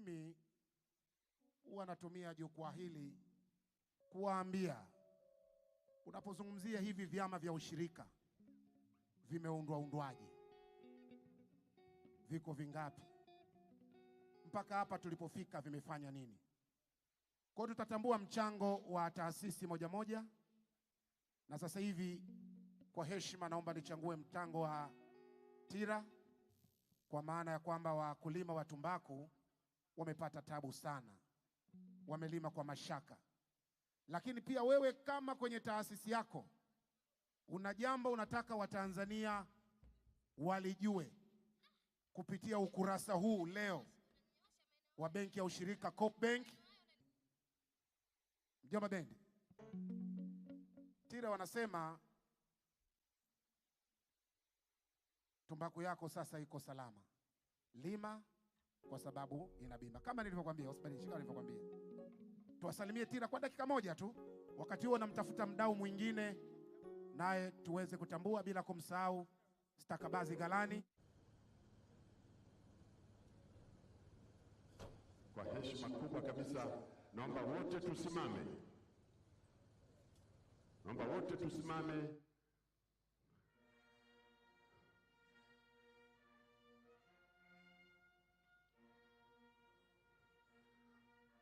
mimi huwa natumia jukwaa hili kuwaambia, unapozungumzia hivi vyama vya ushirika vimeundwa undwaje, viko vingapi, mpaka hapa tulipofika vimefanya nini? Kwa hiyo tutatambua mchango wa taasisi moja moja, na sasa hivi kwa heshima naomba nichangue mchango wa TIRA kwa maana ya kwamba wakulima wa tumbaku wamepata tabu sana, wamelima kwa mashaka. Lakini pia wewe kama kwenye taasisi yako una jambo unataka Watanzania walijue kupitia ukurasa huu leo wa benki ya ushirika Coop Bank. Mjomba bendi tira, wanasema tumbaku yako sasa iko salama, lima kwa sababu ina bima. Kama nilivyokuambia hospitali shika nilivyokuambia, tuwasalimie TIRA kwa dakika moja tu, wakati huo namtafuta mdau mwingine naye tuweze kutambua bila kumsahau stakabazi galani Kwa heshima kubwa kabisa, naomba wote tusimame, naomba wote tusimame.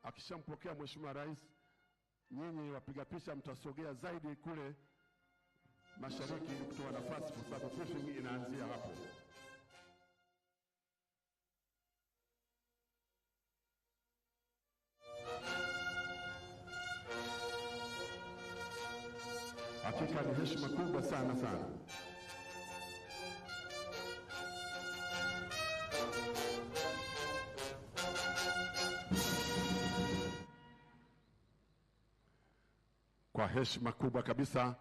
akishampokea Mheshimiwa Rais, nyinyi wapiga picha mtasogea zaidi kule mashariki ili kutoa nafasi, kwa sababu pushing inaanzia hapo. Hakika ni heshima kubwa sana sana. heshima kubwa kabisa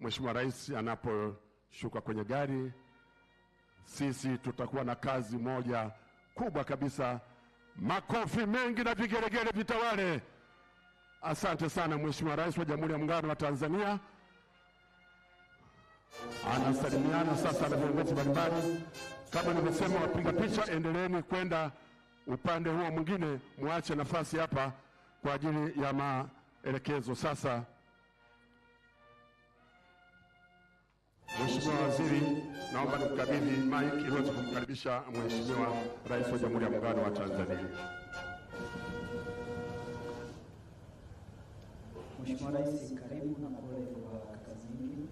Mheshimiwa Rais anaposhuka kwenye gari, sisi tutakuwa na kazi moja kubwa kabisa. Makofi mengi na vigelegele vitawale. Asante sana Mheshimiwa Rais wa Jamhuri ya Muungano wa Tanzania. Anasalimiana sasa na viongozi mbalimbali. Kama nimesema wapiga picha, endeleeni kwenda upande huo mwingine, muache nafasi hapa kwa ajili ya ma elekezo sasa. Mheshimiwa Waziri, naomba nikukabidhi mike ili uweze kumkaribisha Mheshimiwa Rais wa Jamhuri ya Muungano wa Tanzania. Mheshimiwa Rais, karibu na pole kwa kazi nyingi.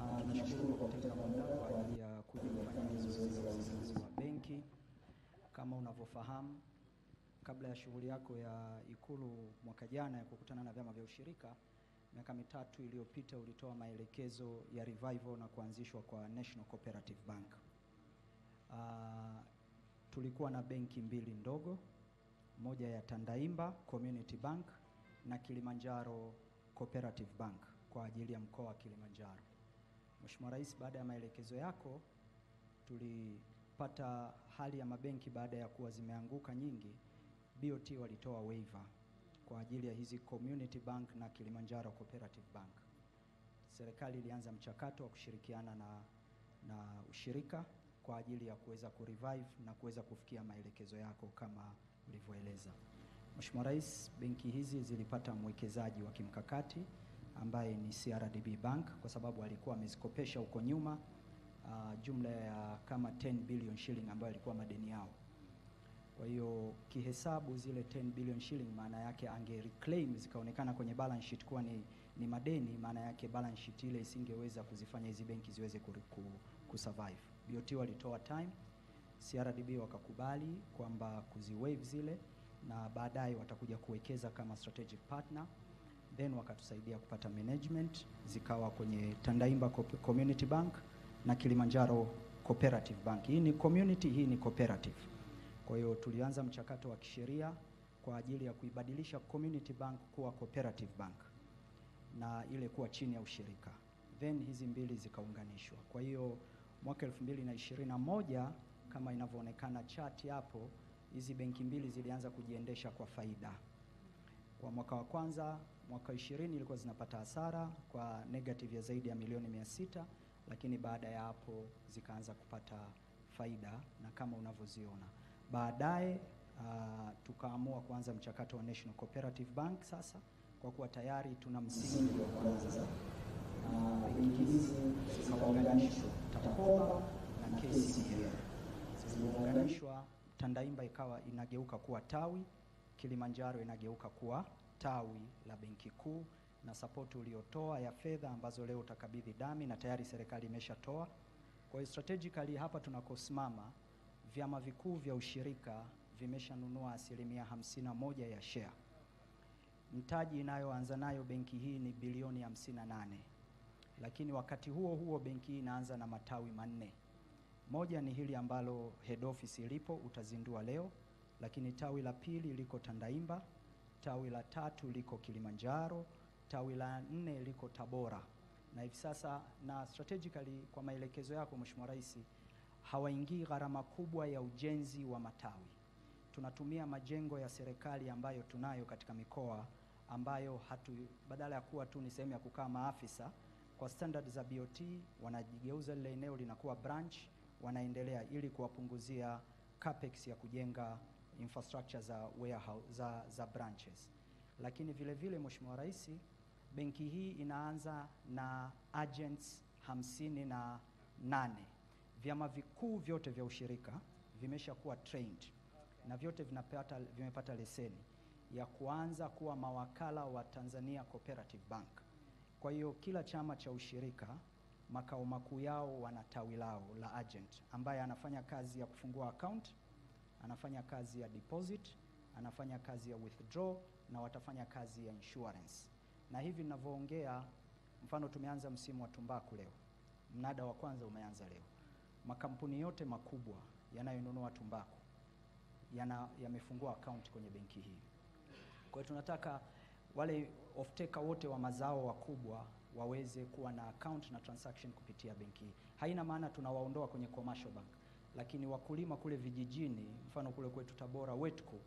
Ah, tunashukuru kwa kutenga muda kwa ajili ya kuja kufanya zoezi la uzinduzi wa benki. Kama unavyofahamu kabla ya shughuli yako ya Ikulu mwaka jana ya kukutana na vyama vya ushirika, miaka mitatu iliyopita ulitoa maelekezo ya revival na kuanzishwa kwa National Cooperative Bank. Uh, tulikuwa na benki mbili ndogo, moja ya Tandaimba Community Bank na Kilimanjaro Cooperative Bank kwa ajili ya mkoa wa Kilimanjaro. Mheshimiwa Rais, baada ya maelekezo yako tulipata hali ya mabenki baada ya kuwa zimeanguka nyingi BOT walitoa waiver kwa ajili ya hizi Community Bank na Kilimanjaro Cooperative Bank. Serikali ilianza mchakato wa kushirikiana na, na ushirika kwa ajili ya kuweza kurevive na kuweza kufikia maelekezo yako kama ulivyoeleza. Mheshimiwa Rais, benki hizi zilipata mwekezaji wa kimkakati ambaye ni CRDB Bank kwa sababu alikuwa amezikopesha huko nyuma uh, jumla ya kama 10 billion shilling ambayo alikuwa madeni yao kwa hiyo kihesabu zile 10 billion shilling maana yake ange reclaim zikaonekana kwenye balance sheet kuwa ni, ni madeni, maana yake balance sheet ile isingeweza kuzifanya hizi benki ziweze ku, kusurvive. BOT walitoa time, CRDB wakakubali kwamba kuziwave zile na baadaye watakuja kuwekeza kama strategic partner then wakatusaidia kupata management zikawa kwenye Tandaimba Community Bank na Kilimanjaro Cooperative Bank. Hii ni community, hii ni cooperative. Kwa hiyo tulianza mchakato wa kisheria kwa ajili ya kuibadilisha community bank kuwa cooperative bank na ile kuwa chini ya ushirika, then hizi mbili zikaunganishwa. Kwa hiyo mwaka moja kama inavyoonekana chati hapo, hizi benki mbili zilianza kujiendesha kwa faida. Kwa mwaka wa kwanza, mwaka 20 ilikuwa zinapata hasara kwa negative ya zaidi ya milioni sita lakini baada ya hapo zikaanza kupata faida na kama unavyoziona Baadaye uh, tukaamua kuanza mchakato wa National Cooperative Bank sasa kwa kuwa tayari tuna msingi wa kwanza na ah, benki hizi zikaunganishwa TAKOPA na KCB ziliunganishwa, Tandaimba ikawa inageuka kuwa tawi, Kilimanjaro inageuka kuwa tawi la benki kuu, na sapoti uliotoa ya fedha ambazo leo utakabidhi dami na tayari serikali imeshatoa. Kwa hiyo strategically hapa tunakosimama vyama vikuu vya ushirika vimeshanunua asilimia 51 ya share. Mtaji inayoanza nayo benki hii ni bilioni nane, lakini wakati huo huo benki hii inaanza na matawi manne. Moja ni hili ambalo head office ilipo, utazindua leo, lakini tawi la pili liko Tandaimba, tawi la tatu liko Kilimanjaro, tawi la nne liko Tabora, na hivi sasa na strategically, kwa maelekezo yako Mheshimiwa Rais hawaingii gharama kubwa ya ujenzi wa matawi. Tunatumia majengo ya serikali ambayo tunayo katika mikoa ambayo hatu, badala ya kuwa tu ni sehemu ya kukaa maafisa kwa standard za BOT wanajigeuza lile eneo linakuwa branch, wanaendelea ili kuwapunguzia capex ya kujenga infrastructure za warehouse, za, za branches. Lakini vile vile Mheshimiwa Rais, benki hii inaanza na agents hamsini na nane. Vyama vikuu vyote vya ushirika vimeshakuwa trained na vyote vinapata, vimepata leseni ya kuanza kuwa mawakala wa Tanzania Cooperative Bank. Kwa hiyo kila chama cha ushirika makao makuu yao wana tawi lao la agent ambaye anafanya kazi ya kufungua account, anafanya kazi ya deposit, anafanya kazi ya withdraw na watafanya kazi ya insurance. Na hivi ninavyoongea, mfano tumeanza msimu wa tumbaku leo, mnada wa kwanza umeanza leo. Makampuni yote makubwa yanayonunua tumbaku yana yamefungua akaunti kwenye benki hii. Kwa hiyo tunataka wale ofteka wote wa mazao wakubwa waweze kuwa na account na transaction kupitia benki hii. Haina maana tunawaondoa kwenye commercial bank, lakini wakulima kule vijijini, mfano kule kwetu Tabora, Wetku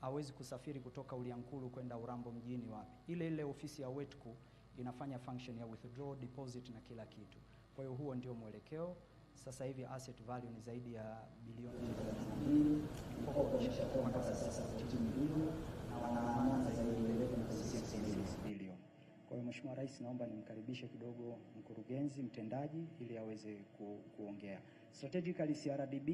hawezi kusafiri kutoka uliankulu kwenda Urambo mjini wapi, ile ile ofisi ya Wetku inafanya function ya withdraw, deposit na kila kitu. Kwa hiyo huo ndio mwelekeo sasa hivi asset value ni zaidi ya bilioni mbili mpaka Kwa hiyo Mheshimiwa Rais, naomba nimkaribishe kidogo mkurugenzi mtendaji ili aweze ku, kuongea. Strategically CRDB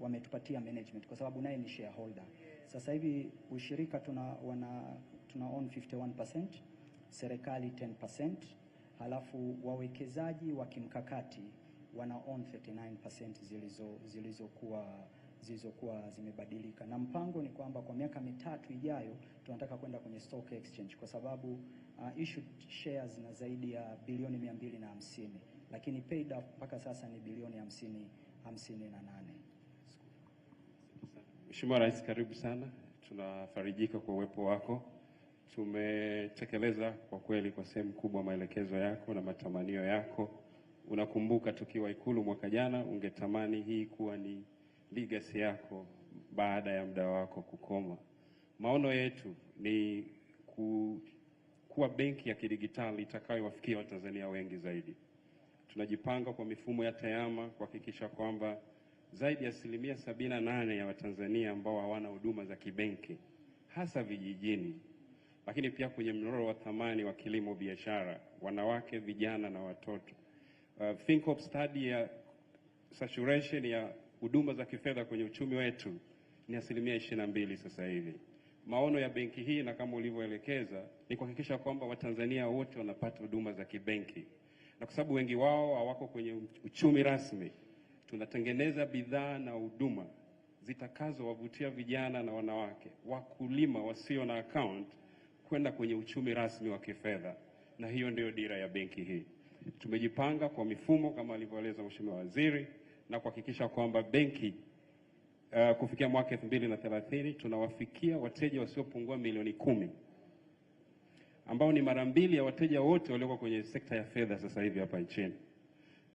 wametupatia management kwa sababu naye ni shareholder. Sasa hivi ushirika tuna wana tuna own 51%, serikali 10%, halafu wawekezaji wa kimkakati wana own 39% zilizo zilizokuwa zimebadilika, na mpango ni kwamba kwa miaka mitatu ijayo tunataka kwenda kwenye stock exchange, kwa sababu uh, issued shares na zaidi ya bilioni mia mbili na hamsini lakini paid up mpaka sasa ni bilioni hamsini hamsini na nane. Mheshimiwa Rais, karibu sana, tunafarijika kwa uwepo wako. Tumetekeleza kwa kweli kwa sehemu kubwa maelekezo yako na matamanio yako unakumbuka tukiwa Ikulu mwaka jana, ungetamani hii kuwa ni legacy yako baada ya muda wako kukoma. Maono yetu ni ku, kuwa benki ya kidigitali itakayowafikia Watanzania wengi zaidi. Tunajipanga kwa mifumo ya tayama kuhakikisha kwamba zaidi ya asilimia sabini na nane ya Watanzania ambao hawana huduma za kibenki hasa vijijini, lakini pia kwenye mnyororo wa thamani wa kilimo biashara, wanawake, vijana na watoto Uh, of study ya saturation ya huduma za kifedha kwenye uchumi wetu ni asilimia ishirini na mbili sasa hivi. Maono ya benki hii na kama ulivyoelekeza ni kuhakikisha kwamba Watanzania wote wanapata huduma za kibenki, na kwa sababu wengi wao hawako kwenye uchumi rasmi, tunatengeneza bidhaa na huduma zitakazowavutia vijana na wanawake, wakulima wasio na account kwenda kwenye uchumi rasmi wa kifedha, na hiyo ndiyo dira ya benki hii tumejipanga kwa mifumo kama alivyoeleza Mheshimiwa Waziri na kuhakikisha kwamba benki uh, kufikia mwaka elfu mbili na thelathini tunawafikia wateja wasiopungua milioni kumi ambao ni mara mbili ya wateja wote walioko kwenye sekta ya fedha sasa hivi hapa nchini.